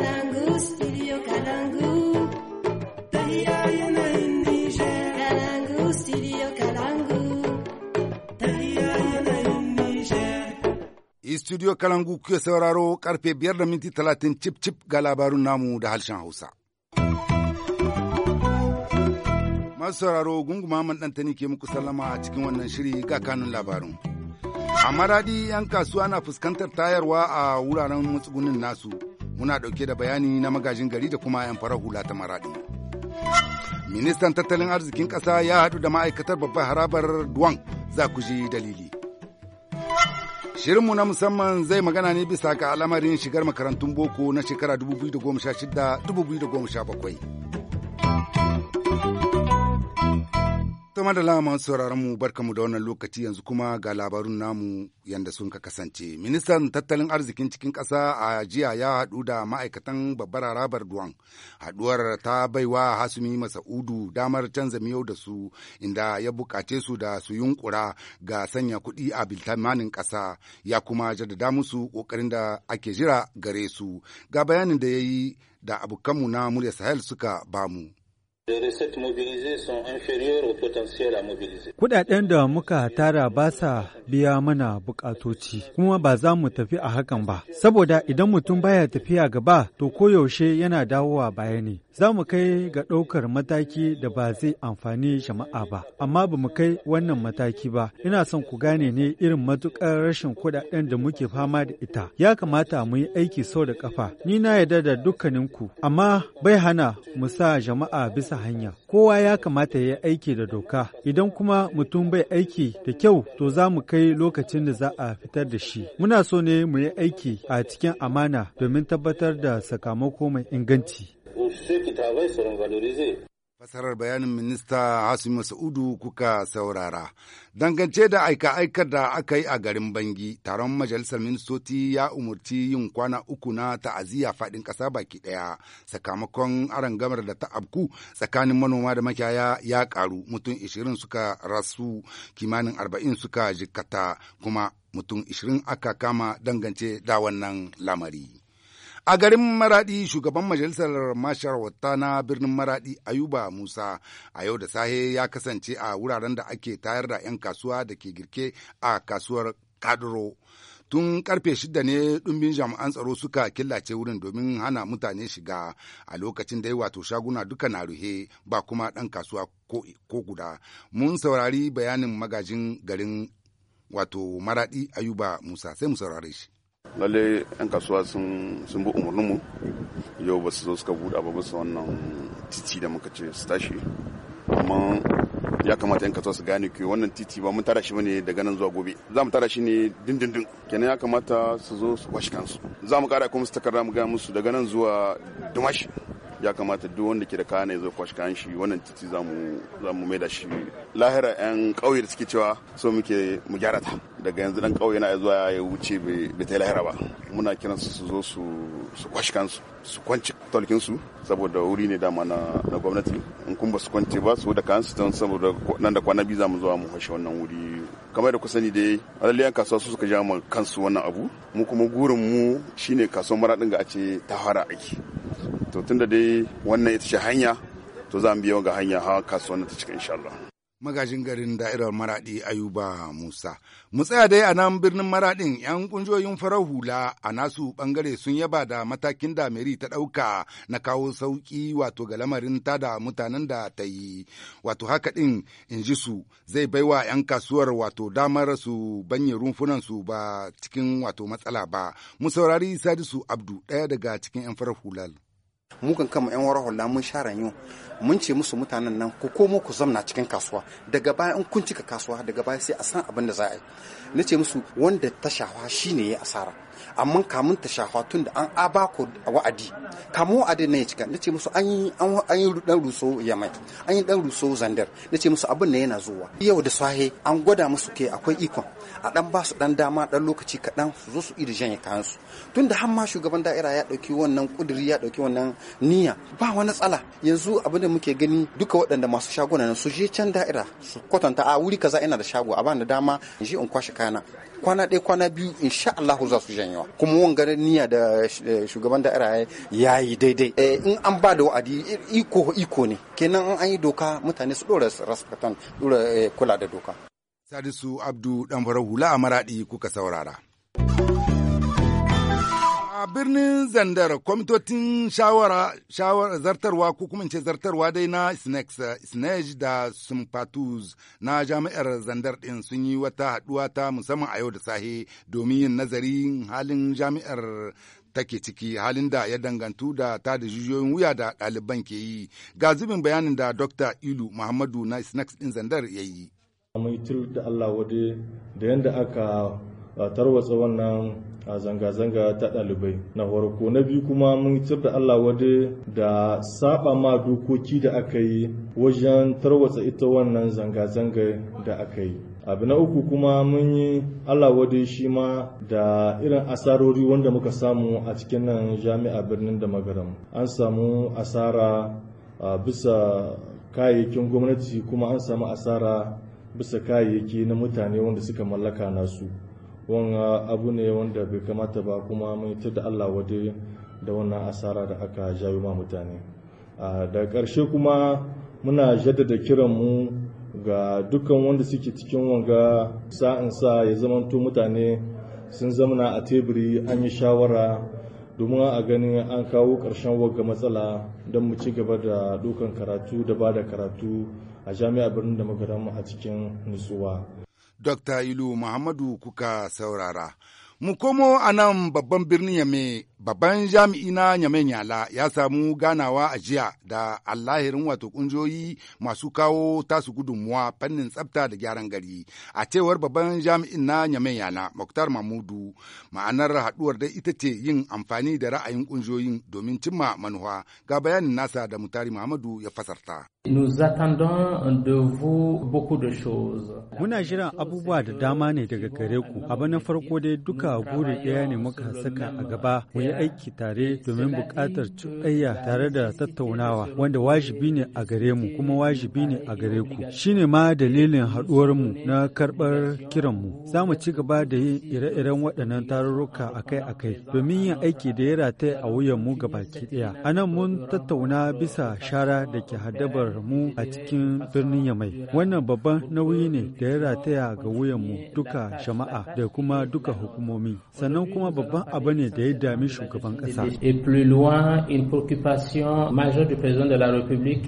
Kalangu, studio Kalangu. Tahiya ke sauraro karfe biyar da minti talatin cip cip ga labarun namu da harshen Hausa. Masu sauraro gunguma man ɗantani ke muku sallama a cikin wannan shiri ga kanun labarun. A maradi 'yan kasuwa na fuskantar tayarwa a wuraren matsugunin nasu. muna ɗauke da bayani na magajin gari da kuma 'yan farar hula ta maraɗi. Ministan tattalin arzikin ƙasa ya haɗu da ma'aikatar babbar harabar Duwan za ku ji dalili. Shirinmu na musamman zai magana ne bisa ga al'amarin shigar makarantun boko na shekara 2016-2017. Tuma da lama sauraron mu barkamu da wannan lokaci yanzu kuma ga labarun namu yanda sun ka kasance. Ministan tattalin arzikin cikin ƙasa a jiya ya haɗu da ma'aikatan babbar harabar Duwan. Haɗuwar ta baiwa Hasumi Masa'udu damar canza miyau da su inda ya buƙace su da su yunƙura ga sanya kuɗi a biltamanin kasa ya kuma jaddada musu ƙoƙarin da ake jira gare su. Ga bayanin da ya yi da abokanmu na murya Sahel suka bamu. Kudaden da muka tara ba sa biya mana bukatoci, kuma ba za mu tafi a hakan ba, saboda idan mutum baya tafiya gaba to koyaushe yana dawowa baya ne. Za mu kai ga ɗaukar mataki da ba zai amfani jama'a ba, amma ba mu kai wannan mataki ba. Ina son ku gane ne irin matuƙar rashin kudaden da muke fama da ita. Ya kamata mu yi aiki sau da ƙafa. Ni na yarda da dukkaninku, amma bai hana mu sa jama'a bisa hanya kowa ya kamata ya yi aiki da doka idan kuma mutum bai aiki da kyau to za mu kai lokacin da za a fitar da shi muna so ne mu yi aiki a cikin amana domin tabbatar da sakamako mai inganci Fasarar bayanin minista Hasimu Sa'udu kuka saurara. Dangance da aika-aikar da aka yi a garin Bangi, taron majalisar ministoci ya umurci yin kwana uku na ta'aziyya faɗin ƙasa baki ɗaya. Sakamakon arangamar da ta abku tsakanin manoma da makiyaya ya karu mutum ishirin suka rasu, kimanin arba'in suka jikata kuma mutum ishirin aka kama dangance da wannan lamari. A garin Maraɗi shugaban majalisar masharwata na birnin Maraɗi Ayuba Musa a yau da sahe ya kasance a wuraren da ake tayar da 'yan kasuwa da ke girke a kasuwar Kaduro. tun karfe shida ne ɗumbin jami'an tsaro suka killace wurin domin hana mutane shiga a lokacin da ya wato shaguna duka na ruhe ba kuma ɗan kasuwa ko guda mun saurari bayanin magajin garin wato maraɗi ayuba musa sai mu saurare shi lalle yan kasuwa sun bi umarninmu yau ba su zo suka buɗe ba musu wannan titi da muka ce su tashi amma ya kamata yan kasuwa su gane ke wannan titi ba mun tara shi ne daga nan zuwa gobe za mu tara shi ne dindindin kenan ya kamata su zo su kwashi kansu za mu kara kuma su takarda mu gaya musu daga nan zuwa dumashi ya kamata duk wanda ke da kayan ya zo kwashi kayan shi wannan titi za mu mai da shi lahira yan ƙauye da suke cewa so muke mu gyara ta daga yanzu dan ƙauye na zuwa ya wuce bai ta lahira ba muna kiran su su zo su su su kwanci tolkin su saboda wuri ne dama na gwamnati in kun ba su kwanci ba su da kansu don saboda nan da kwana biyu za mu zo mu kwashe wannan wuri kamar da ku sani dai alaliyan kasuwa su suka ja kansu wannan abu mu kuma gurin mu shine kasuwar maradin ga a ce ta fara aiki to tunda dai wannan ita ce hanya to za mu biyo ga hanya ha kasuwannin ta cika insha magajin garin da'irar maradi ayuba musa mu tsaya dai a nan birnin maradin yan kungiyoyin farar hula a nasu bangare sun yaba da matakin da meri ta ɗauka na kawo sauki wato ga lamarin ta da mutanen da ta yi wato haka din in ji su zai baiwa yan kasuwar wato damar su banye rumfunan su ba cikin wato matsala ba mu saurari sadisu abdu ɗaya daga cikin yan farar hular. mu kan kama yan wara hula mun share yau mun ce musu mutanen nan ku komo ku zamna cikin kasuwa daga baya in kun cika kasuwa daga baya sai a san abin da za a yi na ce musu wanda ta shafa shine ya asara amma kamun ta shafa tun da an abako wa'adi kamun wa'adi na ya cika na ce musu an yi dan ruso yamai an yi dan ruso zandar na ce musu abin na yana zuwa yau da sahe an gwada musu ke akwai ikon a dan ba su dan dama dan lokaci kaɗan su zo su iri janye kayan su tun da har ma shugaban da'ira ya ɗauki wannan kuduri ya ɗauki wannan niyya ba wani tsala yanzu abin da muke gani duka waɗanda masu shagunan su je can da'ira su kwatanta a wuri kaza ina da shago a bani dama in je in kwashe kayana kwana ɗaya kwana biyu insha Allah za su janyo kuma wangar niyya da eh, shugaban iraye ya yi daidai eh, in an ba da wa'adi iko iko ne kenan an yi doka mutane su ɗora rasfatan ɗora eh, kula da doka sadisu abdu dan hula a maraɗi kuka saurara a birnin zandar kwamitocin shawara shawara zartarwa ko kuma ce zartarwa dai na snacks snage da sympathus na jami'ar zandar din sun yi wata haduwa ta musamman a yau da sahi domin yin nazarin halin jami'ar take ciki halin da ya dangantu da ta da jijiyoyin wuya da ɗaliban ke yi ga zubin bayanin da dr ilu muhammadu na snacks din zandar ya yi. da allah wade da yadda aka tarwatsa wannan a zanga-zanga ta ɗalibai na farko na biyu kuma mun da Allah wade da saba ma dokoki da aka yi wajen tarwatsa ita wannan zanga-zanga da aka yi abu na uku kuma mun yi Allah wade shi ma da irin asarori wanda muka samu a cikin nan jami'a birnin da magaram an samu asara bisa kayayyakin gwamnati kuma an samu asara bisa kayayyaki na mutane wanda suka mallaka nasu wani abu ne wanda bai kamata ba kuma mai da Allah wade da wannan asara da aka jawo ma mutane da ƙarshe kuma muna jaddada kiranmu ga dukkan wanda suke cikin wanga sa ya zamanto mutane sun zamana a teburi an yi shawara domin a ganin an kawo ƙarshen waga matsala don mu ci gaba da dukan karatu da ba da karatu a jami'a birnin da mu a cikin nutsuwa Dr. Ilu Muhammadu kuka saurara. Mu komo a nan babban birnin Yame Babban jami'i na Nyamen Yala ya samu ganawa a jiya da allahirin wato kunjoyi masu kawo tasu gudunmuwa fannin tsafta da gyaran gari. A cewar babban jami'in na Nyamen Yala, Muktar Mahmudu, ma'anar haɗuwar da ita ce yin amfani da ra'ayin kunjoyin domin cimma manuwa ga bayanin nasa da Mutari Muhammadu ya fasarta. Muna jiran abubuwa da dama ne daga gare ku. Abu na farko dai duka gure ɗaya ne muka saka a gaba. yi aiki tare domin buƙatar cuɗayya tare da tattaunawa wanda wajibi ne a gare mu kuma wajibi ne a gare ku shine ma dalilin haɗuwar mu na karɓar kiranmu za mu ci gaba da yin ire-iren waɗannan tarurruka akai-akai domin yin aiki da ya rata a mu ga baki ɗaya a nan mun tattauna bisa shara da ke haddabar mu a cikin birnin yamai wannan babban nauyi ne da ya rataya ga wuyanmu duka jama'a da kuma duka hukumomi sannan kuma babban abu ne da ya dami Et plus loin une préoccupation majeure du président de la République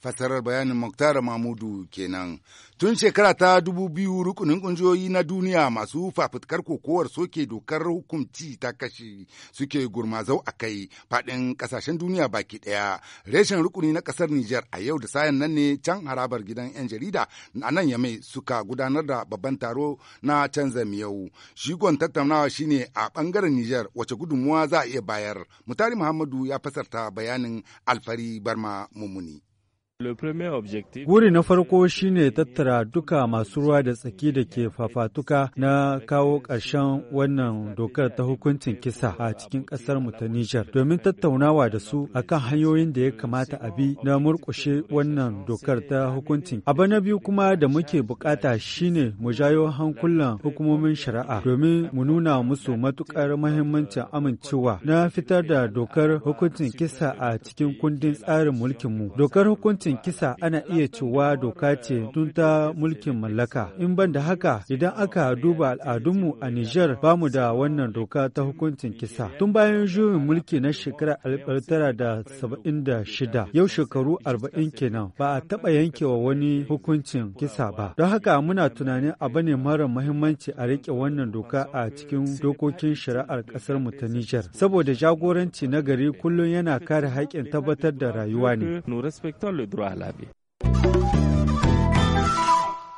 fasarar bayanin Muktara Mamudu kenan. Tun shekara ta dubu biyu rukunin ƙungiyoyi na duniya masu fafutukar kokowar soke dokar hukunci ta kashi suke gurmazau a kai faɗin kasashen duniya baki ɗaya. Reshen rukuni na ƙasar Nijar a yau da sayan nan ne can harabar gidan 'yan jarida a nan Yamai suka gudanar da babban taro na canza miyau. Shigon tattaunawa shine a ɓangaren Nijar wace gudunmuwa za a iya bayar. Mutari Muhammadu ya fasarta bayanin Alfari Barma Mumuni. Wuri na farko shine tattara duka masu ruwa da tsaki da ke fafatuka na kawo ƙarshen wannan dokar ta hukuncin kisa a cikin ƙasar mu ta Nijar domin tattaunawa da su akan hanyoyin da ya kamata a bi na murƙushe wannan dokar ta hukuncin. Abu na biyu kuma da muke bukata shine mu jayo hankulan hukumomin shari'a domin mu nuna musu matuƙar muhimmancin amincewa na fitar da dokar hukuncin kisa a cikin kundin tsarin mulkinmu. Dokar hukuncin hukuncin kisa ana iya cewa doka ce tun ta mulkin mallaka. In ban da haka idan aka duba al'adunmu a Nijar ba mu da wannan doka ta hukuncin kisa. Tun bayan juyin mulki na shekara da saba'in da shida yau shekaru arba'in kenan ba a taɓa yankewa wani hukuncin kisa ba. Don haka muna tunanin abu ne mara muhimmanci a riƙe wannan doka a cikin dokokin shari'ar ƙasar mu ta Nijar. Saboda jagoranci na gari kullum yana kare haƙƙin tabbatar da rayuwa ne. Nasiru Halabe.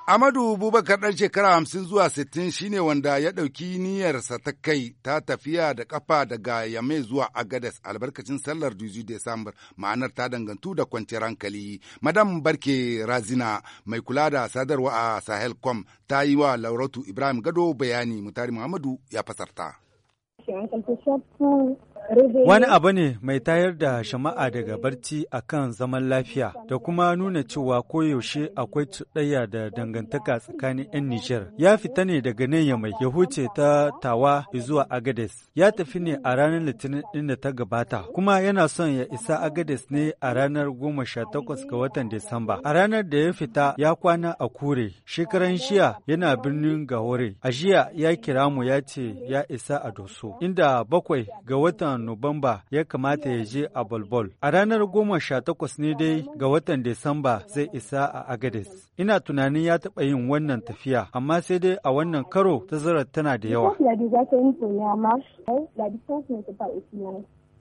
Amadu Bubakar ɗan shekara hamsin zuwa sittin shine wanda ya ɗauki niyyarsa ta kai ta tafiya da ƙafa daga Yame zuwa Agades albarkacin sallar dizu Desambar ma'anar ta dangantu da kwanciyar hankali. Madam Barke Razina mai kula da sadarwa a Sahelcom ta yi wa Lauratu Ibrahim Gado bayani mutari Muhammadu ya fasarta. Wani abu ne mai tayar da shama'a daga barci a kan zaman lafiya da kuma nuna cewa koyaushe akwai cuɗayya da dangantaka tsakanin 'yan Nijar. Ya fita ne daga nan ya mai yahuce ta tawa zuwa Agades. Ya tafi ne a ranar Litinin ɗin da ta gabata, kuma yana son ya isa Agades ne a ranar goma sha takwas ga watan Disamba. A ranar da ya fita ya kwana a Kure, shekaran shiya yana birnin Gahore. A jiya ya kira mu ya ce ya isa a Doso, inda bakwai ga watan watan Nuwamba ya kamata ya je a Bolbol. A ranar goma sha takwas ne dai ga watan Disamba zai isa a Agades. Ina tunanin ya taɓa yin wannan tafiya, amma sai dai a wannan karo tazarar tana da yawa.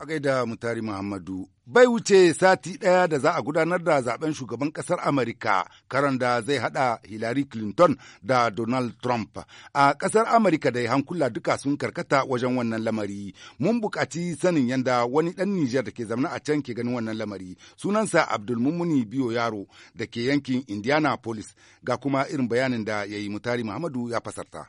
a gaida mutari Muhammadu. Bai wuce sati ɗaya da za a gudanar da zaben shugaban ƙasar Amurka, karan da zai haɗa Hillary Clinton da Donald Trump. A ƙasar Amurka dai hankula duka sun karkata wajen wannan lamari. Mun buƙaci sanin yadda wani ɗan Nijar da ke zamana a can ke ganin wannan lamari. Sunansa mummuni Biyo Yaro da ke yankin police Ga kuma irin bayanin da ya yi Mutari Muhammadu ya fasarta.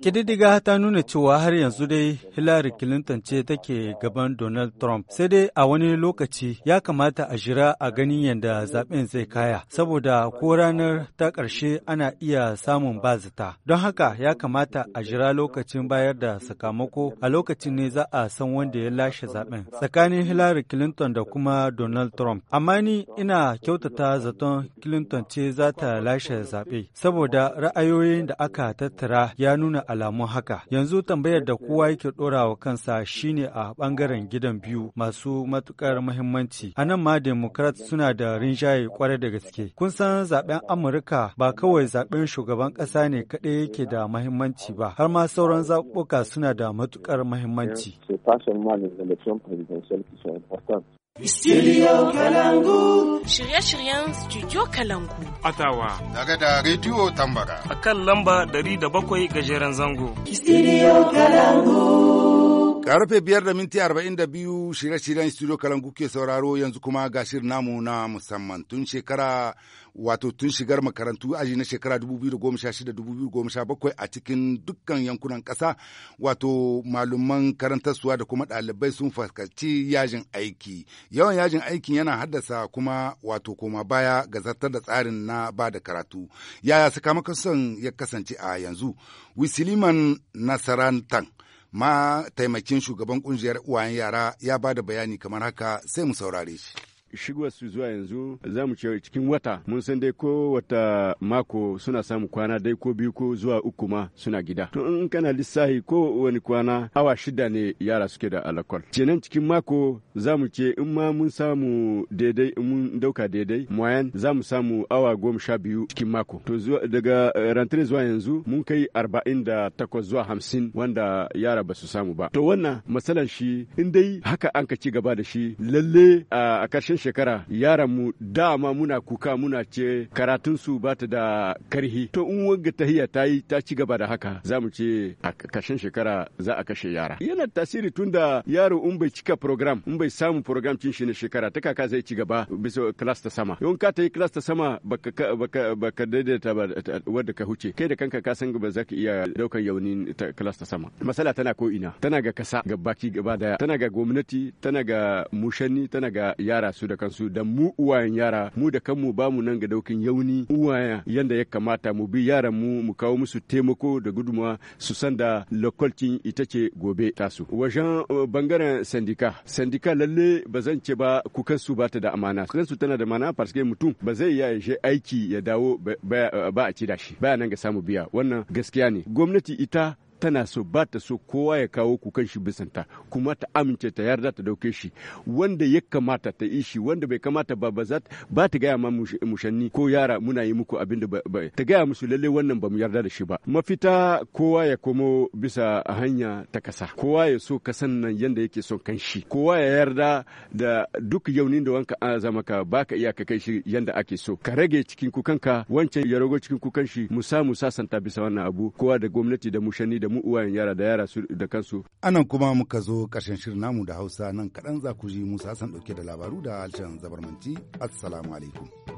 ƙididdiga ta nuna cewa har yanzu dai Hillary Clinton ce take gaban Donald Trump. Sai dai a wani lokaci ya kamata a jira a ganin yadda zaben zai kaya, saboda ko ranar ta karshe ana iya samun bazata. Don haka ya kamata a jira lokacin bayar da sakamako a lokacin ne za a san wanda ya lashe zaben tsakanin Hillary Clinton da kuma Donald Trump. Amma ni ina kyautata zaton Clinton ce za ta lashe zaɓe, saboda ra'ayoyin da aka tattara ya nuna alamun haka. Yanzu tambayar da kowa yake ɗorawa kansa shine a ɓangaren gidan biyu masu matuƙar muhimmanci. A nan ma Democrat suna da rinjaye kwarai da gaske. Kun san zaben Amurka ba kawai zaben shugaban ƙasa ne kaɗai yake da muhimmanci ba, har ma sauran zaɓuɓɓuka suna da matuƙar muhimmanci. Studio Kalangu. Shirye-shiryen Studio Kalangu. Atawa. Daga da Radio Tambara. A kan lamba 700 gajeren zango. Studio Kalangu. Karfe biyar da minti arba'in da biyu shirye-shiryen studio kalangu ke sauraro yanzu kuma ga namu na musamman tun shekara wato tun shigar makarantu aji na shekara 2016-2017 a cikin dukkan yankunan ƙasa wato malaman karantarsuwa da kuma ɗalibai sun fuskanci yajin aiki yawan yajin aikin yana haddasa kuma wato koma baya ga zartar da tsarin na ba da karatu yaya sakamakon son ya kasance a yanzu wisiliman nasarantan ma taimakin shugaban kungiyar uwayen yara ya ba da bayani kamar haka sai mu saurare shi. shigowar su zuwa yanzu za mu ce cikin wata mun san dai ko wata mako suna samu kwana dai ko biyu ko zuwa uku ma suna gida to in kana lissahi ko wani kwana awa shida ne yara suke da alakol kenan cikin mako za mu ce in ma mun samu daidai mun dauka daidai moyan za mu samu awa goma sha biyu cikin mako to daga eh, rantare zuwa yanzu mun kai arba'in da takwas zuwa hamsin wanda yara ba su samu ba to wannan matsalan shi in dai haka an ka ci gaba da shi lalle ah, a karshen shekara yaran mu dama muna kuka muna ce karatun su ba ta da karhi to in wanga tahiya ta yi ta ci gaba da haka za mu ce a kashin shekara za a kashe yara yana tasiri tunda yaro in bai cika program in bai samu program cin shi na shekara ta kaka zai ci gaba bisa class ta sama in ka ta yi class ta sama baka daidaita ba wadda ka huce kai da kanka ka san ba za ka iya daukar yaunin class ta sama masala tana ko ina tana ga kasa ga baki gaba daya tana ga gwamnati tana ga mushanni tana ga yara su da kansu dan mu uwayen yara mu da kanmu ba mu nan ga daukin yauni uwaya yanda ya kamata mu bi yaran mu mu kawo musu taimako da guduma su san da lokacin ita ce gobe tasu wajen eh, bangaren sandika sandika lalle ba zan ce ba kansu ba ta da amana kansu tana da mana parce mutum ba zai iya je aiki ya dawo ba a ci da shi ba nan ga samu biya wannan gaskiya ne gwamnati ita tana so ba ta so kowa ya kawo kukan shi bisanta kuma ta amince ta yarda ta dauke shi wanda ya kamata ta yi shi wanda bai kamata ba ba za ba ta gaya ma mushanni ko yara muna yi muku abin da ta gaya musu lalle wannan ba mu yarda da shi ba mafita kowa ya komo bisa hanya ta kasa kowa ya so kasan nan yanda yake son kanshi kowa ya yarda da duk yaunin da wanka an zama ka baka iya ka kai shi yanda ake so ka rage cikin kukanka wancan ya rago cikin kukan shi mu samu sasanta bisa wannan abu kowa da gwamnati da mushanni da da mu uwayen yara da yara da kansu anan kuma muka zo karshen shirin namu da hausa nan kaɗan za ku ji musa san ɗauke da labaru da halshen zabarmanci assalamu alaikum